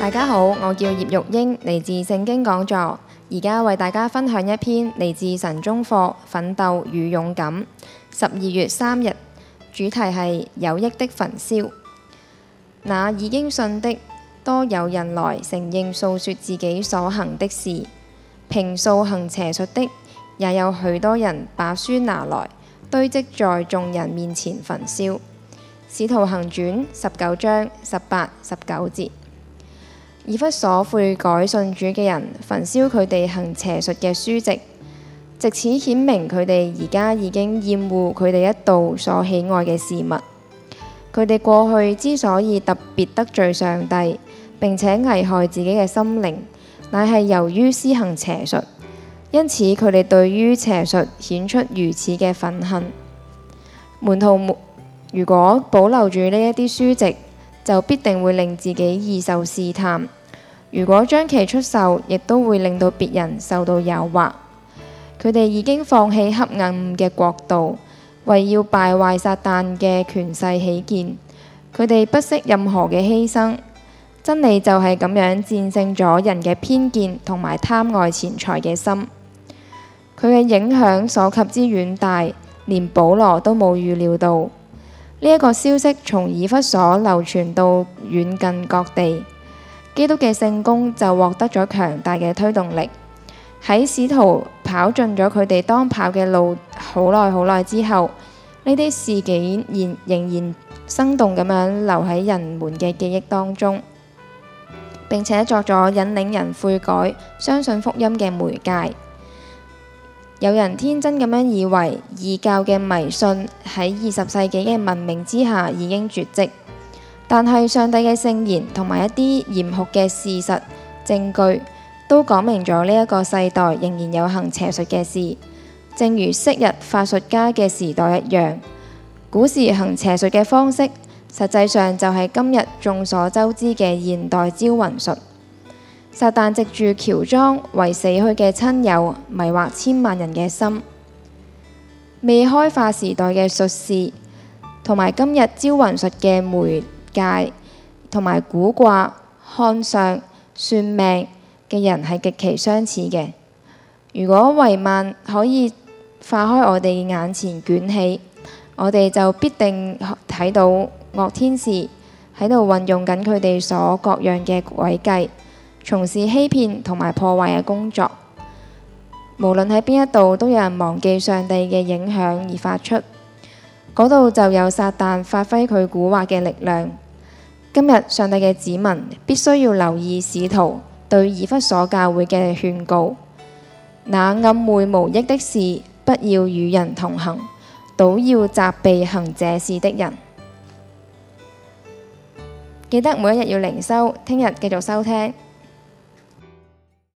大家好，我叫葉玉英，嚟自聖經講座，而家為大家分享一篇嚟自神中課《奮鬥與勇敢》。十二月三日，主題係有益的焚燒。那已經信的，多有人來承認訴說自己所行的事，平素行邪術的，也有許多人把書拿來堆積在眾人面前焚燒。《使徒行傳》十九章十八十九節。以弗所悔改信主嘅人，焚燒佢哋行邪術嘅書籍，藉此顯明佢哋而家已經厭惡佢哋一度所喜愛嘅事物。佢哋過去之所以特別得罪上帝，並且危害自己嘅心靈，乃係由於施行邪術。因此，佢哋對於邪術顯出如此嘅憤恨。門徒，如果保留住呢一啲書籍，就必定會令自己易受試探。如果將其出售，亦都會令到別人受到誘惑。佢哋已經放棄黑暗嘅國度，為要敗壞撒旦嘅權勢起見，佢哋不惜任何嘅犧牲。真理就係咁樣戰勝咗人嘅偏見同埋貪愛錢財嘅心。佢嘅影響所及之遠大，連保羅都冇預料到。呢一個消息從以弗所流傳到遠近各地。基督嘅聖功就獲得咗強大嘅推動力，喺使徒跑進咗佢哋當跑嘅路好耐好耐之後，呢啲事件仍仍然生動咁樣留喺人們嘅記憶當中，並且作咗引領人悔改、相信福音嘅媒介。有人天真咁樣以為，異教嘅迷信喺二十世紀嘅文明之下已經絕跡。但係上帝嘅聖言同埋一啲嚴酷嘅事實證據，都講明咗呢一個世代仍然有行邪術嘅事，正如昔日法術家嘅時代一樣。古時行邪術嘅方式，實際上就係今日眾所周知嘅現代招魂術。撒旦藉住喬裝，為死去嘅親友迷惑千萬人嘅心。未開化時代嘅術士，同埋今日招魂術嘅媒界同埋蠱惑看相算命嘅人係極其相似嘅。如果帷幔可以化開我哋眼前捲起，我哋就必定睇到惡天使喺度運用緊佢哋所各樣嘅詭計，從事欺騙同埋破壞嘅工作。無論喺邊一度都有人忘記上帝嘅影響而發出，嗰度就有撒旦發揮佢蠱惑嘅力量。今日上帝嘅子民必須要留意使徒對以弗所教會嘅勸告，那暗昧無益的事，不要與人同行，倒要責備行這事的人。記得每一日要靈修，聽日繼續收聽。